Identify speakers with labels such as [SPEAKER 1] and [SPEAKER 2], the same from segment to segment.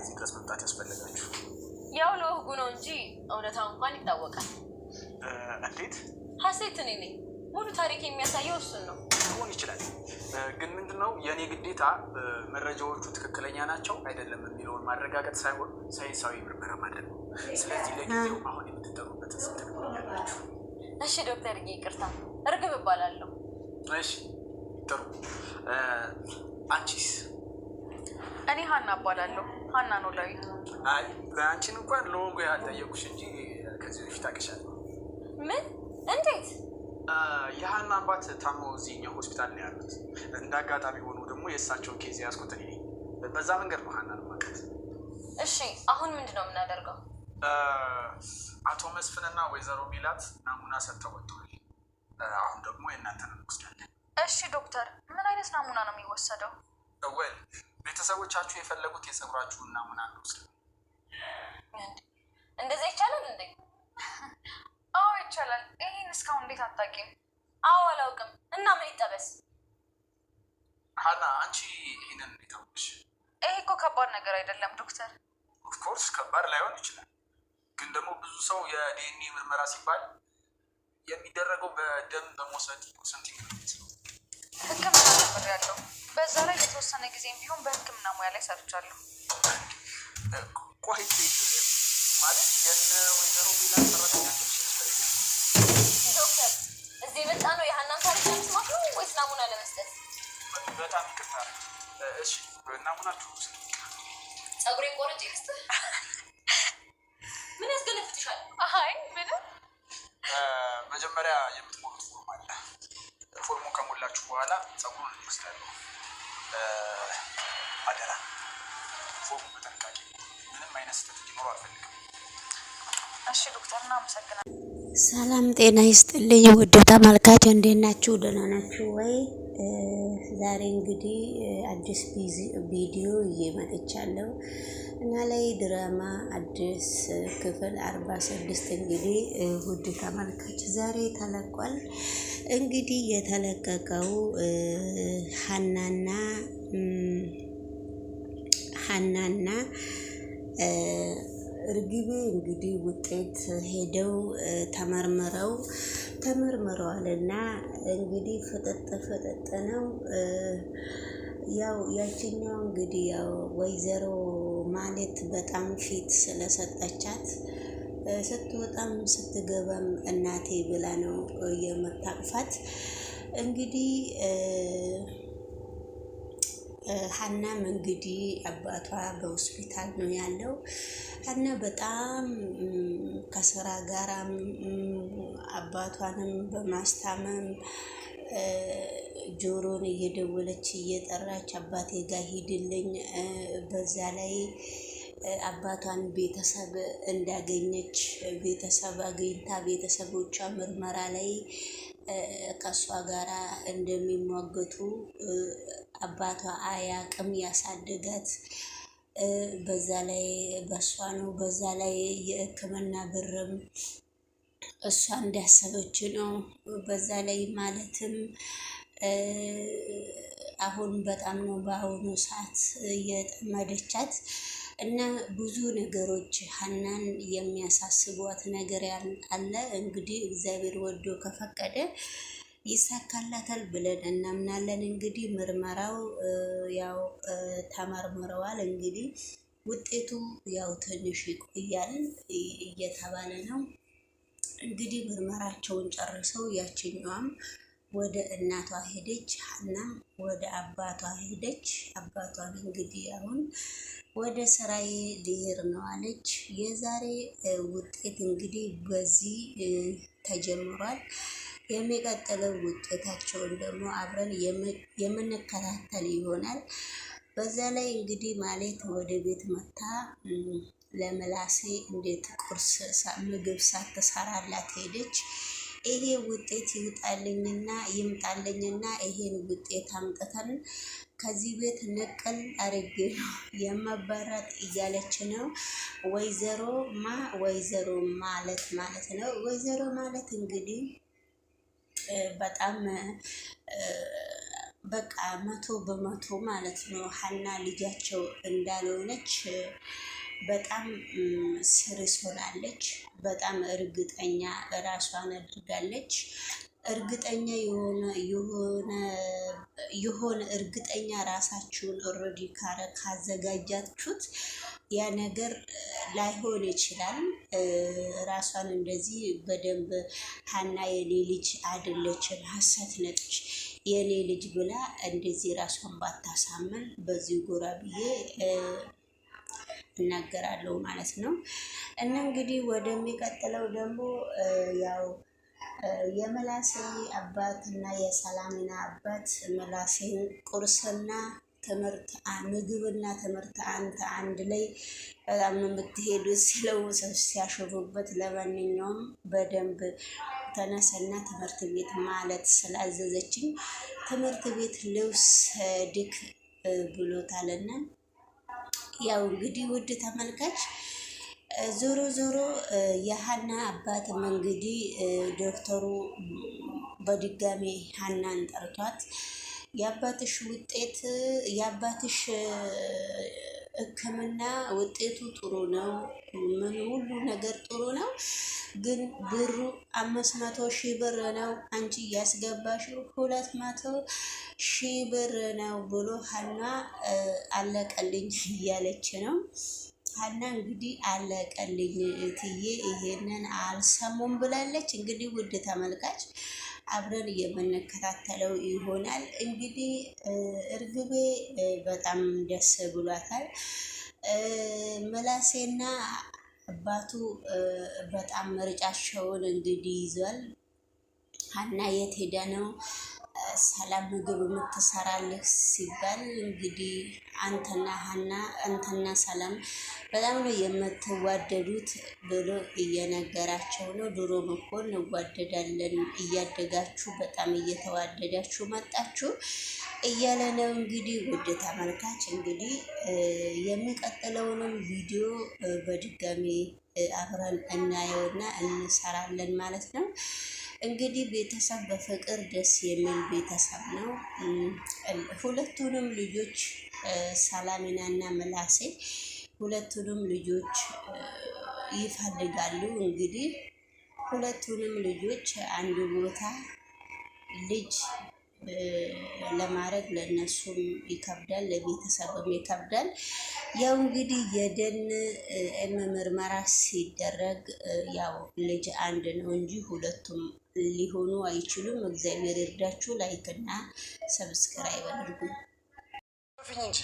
[SPEAKER 1] እዚህ ድረስ መምጣት ያስፈለጋችሁ?
[SPEAKER 2] ያው ለወጉ ነው እንጂ እውነታ እንኳን ይታወቃል። እንዴት? ሀሴትን እኔ ሙሉ ታሪክ የሚያሳየው እሱን ነው።
[SPEAKER 1] ሊሆን ይችላል ግን ምንድነው የእኔ ግዴታ መረጃዎቹ ትክክለኛ ናቸው አይደለም የሚለውን ማረጋገጥ ሳይሆን ሳይንሳዊ ምርመራ ማድረግ ነው። ስለዚህ ለጊዜው አሁን የምትጠሩበት ስንት ያላችሁ?
[SPEAKER 2] እሺ ዶክተር ጌ ይቅርታ፣ እርግብ እባላለሁ።
[SPEAKER 1] እሺ ጥሩ። አንቺስ?
[SPEAKER 2] እኔ ሀና እባላለሁ። ሀና ነው ላዊ።
[SPEAKER 1] አይ ለአንቺን እንኳን ሎጎ ያልጠየቁሽ እንጂ ከዚህ በፊት አቅሻል።
[SPEAKER 2] ምን? እንዴት?
[SPEAKER 1] የሀና አባት ታሞ እዚህኛው ሆስፒታል ነው ያሉት። እንደ አጋጣሚ ሆኖ ደግሞ የእሳቸውን ኬዝ ያዝኩት በዛ መንገድ ነው ሀናን ማለት።
[SPEAKER 2] እሺ አሁን ምንድን ነው የምናደርገው?
[SPEAKER 1] አቶ መስፍንና ወይዘሮ ሚላት ናሙና ሰጥተው ወጥተዋል። አሁን ደግሞ የእናንተን እንወስዳለን።
[SPEAKER 2] እሺ ዶክተር፣ ምን አይነት ናሙና ነው የሚወሰደው?
[SPEAKER 1] ቤተሰቦቻችሁ የፈለጉት የጸጉራችሁን ናሙና እንወስድ።
[SPEAKER 2] እንደዚህ ይቻላል እንዴ? አዎ ይቻላል። ይህን እስካሁን እንዴት አታውቂም? አዎ አላውቅም። እና ምን ይጠበስ?
[SPEAKER 1] ሀና አንቺ ይህንን እንዴት አወቅሽ?
[SPEAKER 2] ይሄ እኮ ከባድ ነገር አይደለም ዶክተር።
[SPEAKER 1] ኦፍኮርስ ከባድ ላይሆን ይችላል፣ ግን ደግሞ ብዙ ሰው የዲኤንኤ ምርመራ ሲባል የሚደረገው በደም በመውሰድ ኮንሰንቲንግ ነው።
[SPEAKER 2] ህክምና ያለው በዛ ላይ የተወሰነ ጊዜም ቢሆን በሕክምና ሙያ ላይ ሰርቻለሁ። እዚህ ነው የሀናን ታሪክ ለመስማት ነው ወይስ ናሙና ለመስጠት?
[SPEAKER 1] በጣም ይቅርታ። እሺ ናሙናችሁ
[SPEAKER 2] ቆረጭ ይስጥ። ምን አይ ምንም።
[SPEAKER 1] መጀመሪያ የምትሞሉት ፎርም አለ። ፎርሙን ከሞላችሁ በኋላ ጸጉሩን እንወስዳለሁ። አደራ ፎም በጥንቃቄ ምንም አይነት ስህተት እንዲኖሩ አልፈልግም።
[SPEAKER 2] እሺ ዶክተር እናመሰግናለን።
[SPEAKER 3] ሰላም ጤና ይስጥልኝ ውድ ተመልካች፣ እንዴት ናችሁ? ደህና ናችሁ ወይ? ዛሬ እንግዲህ አዲስ ቪዲዮ እየመጥቻለሁ እና ላይ ድራማ አዲስ ክፍል አርባ ስድስት እንግዲህ ውድ ተመልካች ዛሬ ተለቋል። እንግዲህ የተለቀቀው ሀናና ሀናና እርግቤ እንግዲህ ውጤት ሄደው ተመርምረው ተመርምረዋል እና እንግዲህ ፍጥጥ ፍጥጥ ነው። ያው ያችኛው እንግዲህ ያው ወይዘሮ ማለት በጣም ፊት ስለሰጠቻት ስትወጣም ስትገባም እናቴ ብላ ነው የምታቅፋት። እንግዲህ ሀናም እንግዲህ አባቷ በሆስፒታል ነው ያለው። ሀና በጣም ከስራ ጋር አባቷንም በማስታመም ጆሮን እየደወለች እየጠራች አባቴ ጋር ሂድልኝ፣ በዛ ላይ አባቷን ቤተሰብ እንዳገኘች ቤተሰብ አግኝታ ቤተሰቦቿ ምርመራ ላይ ከእሷ ጋር እንደሚሟገቱ አባቷ አያቅም ያሳደጋት በዛ ላይ በእሷ ነው። በዛ ላይ የሕክምና ብርም እሷ እንዲያሰበች ነው። በዛ ላይ ማለትም አሁን በጣም ነው በአሁኑ ሰዓት የጠመደቻት እና ብዙ ነገሮች ሀናን የሚያሳስቧት ነገር አለ። እንግዲህ እግዚአብሔር ወዶ ከፈቀደ ይሳካላታል ብለን እናምናለን። እንግዲህ ምርመራው ያው ተመርምረዋል። እንግዲህ ውጤቱ ያው ትንሽ ይቆያል እየተባለ ነው። እንግዲህ ምርመራቸውን ጨርሰው ያችኛዋም ወደ እናቷ ሄደች፣ እና ወደ አባቷ ሄደች። አባቷን እንግዲህ አሁን ወደ ስራዬ ልሄድ ነው አለች። የዛሬ ውጤት እንግዲህ በዚህ ተጀምሯል። የሚቀጥለው ውጤታቸውን ደግሞ አብረን የምንከታተል ይሆናል። በዛ ላይ እንግዲህ ማለት ወደ ቤት መታ ለምላሴ እንዴት ቁርስ ምግብ ሳትሰራላት ሄደች። ይሄ ውጤት ይምጣልኝና ይምጣልኝና ይሄን ውጤት አምጥተን ከዚህ ቤት ንቅል አርጌ ነው እያለች ነው። ወይዘሮ ማ ወይዘሮ ማለት ማለት ነው ወይዘሮ ማለት እንግዲህ በጣም በቃ መቶ በመቶ ማለት ነው ሀና ልጃቸው እንዳልሆነች በጣም ስር ሆናለች። በጣም እርግጠኛ ራሷን አድርጋለች። እርግጠኛ የሆነ የሆነ የሆነ እርግጠኛ ራሳችሁን ኦልሬዲ ካረ ካዘጋጃችሁት ያ ነገር ላይሆን ይችላል። ራሷን እንደዚህ በደንብ ሀና የኔ ልጅ አይደለችም ሀሰት ነች የኔ ልጅ ብላ እንደዚህ ራሷን ባታሳምን በዚህ ጎራ ብዬ እናገራለሁ ማለት ነው እና እንግዲህ ወደሚቀጥለው ደግሞ ያው የመላሴ አባት እና የሰላሜና አባት መላሴን ቁርስና ትምህርት ምግብና ትምህርት አንተ አንድ ላይ በጣም የምትሄዱ ሲለው ሰው ለማንኛውም በደንብ ተነሰና ትምህርት ቤት ማለት ስላዘዘችኝ ትምህርት ቤት ድክ ብሎታልና ያው እንግዲህ ውድ ተመልካች ዞሮ ዞሮ የሀና አባትም እንግዲህ ዶክተሩ በድጋሜ ሀናን ጠርቷት የአባትሽ ውጤት የአባትሽ ሕክምና ውጤቱ ጥሩ ነው፣ ምን ሁሉ ነገር ጥሩ ነው። ግን ብሩ አምስት መቶ ሺህ ብር ነው፣ አንቺ እያስገባሽው ሁለት መቶ ሺህ ብር ነው ብሎ ሀና አለቀልኝ እያለች ነው እና እንግዲህ አለቀልኝ እትዬ ይሄንን አልሰሙም ብላለች። እንግዲህ ውድ ተመልካች አብረን የምንከታተለው ይሆናል። እንግዲህ እርግቤ በጣም ደስ ብሏታል። ምላሴና አባቱ በጣም መርጫቸውን እንግዲህ ይዟል። ሀና የት ሄደ ነው ሰላም ምግብ የምትሰራልህ ሲባል እንግዲህ አንተና ሀና አንተና ሰላም በጣም ነው የምትዋደዱት ብሎ እየነገራቸው ነው። ድሮም እኮ እንዋደዳለን እያደጋችሁ በጣም እየተዋደዳችሁ መጣችሁ እያለ ነው። እንግዲህ ውድ ተመልካች እንግዲህ የሚቀጥለውንም ቪዲዮ በድጋሚ አብረን እናየውና እንሰራለን ማለት ነው። እንግዲህ ቤተሰብ በፍቅር ደስ የሚል ቤተሰብ ነው። ሁለቱንም ልጆች ሰላሚናና ምላሴ ሁለቱንም ልጆች ይፈልጋሉ። እንግዲህ ሁለቱንም ልጆች አንድ ቦታ ልጅ ለማድረግ ለእነሱም ይከብዳል፣ ለቤተሰብም ይከብዳል። ያው እንግዲህ የደን ምርመራ ሲደረግ ያው ልጅ አንድ ነው እንጂ ሁለቱም ሊሆኑ አይችሉም። እግዚአብሔር ይርዳችሁ። ላይክና ሰብስክራይብ አድርጉ
[SPEAKER 4] እንጂ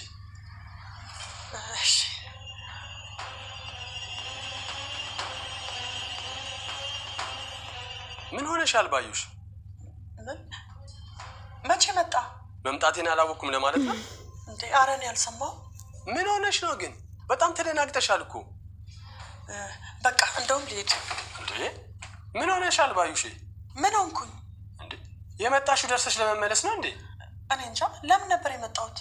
[SPEAKER 4] ምን ሆነሻል ባዩሽ? መቼ መጣ? መምጣቴን አላወቅኩም
[SPEAKER 5] ለማለት ነው እንዴ?
[SPEAKER 4] ኧረ እኔ ያልሰማው። ምን ሆነሽ ነው ግን?
[SPEAKER 5] በጣም ተደናግጠሻል እኮ። በቃ እንደውም ልሄድ። እንዴ ምን ሆነሻል ባዩሽ? ምን ሆንኩኝ? የመጣሽው ደርሰሽ ለመመለስ ነው እንዴ? እኔ እንጃ። ለምን ነበር የመጣሁት?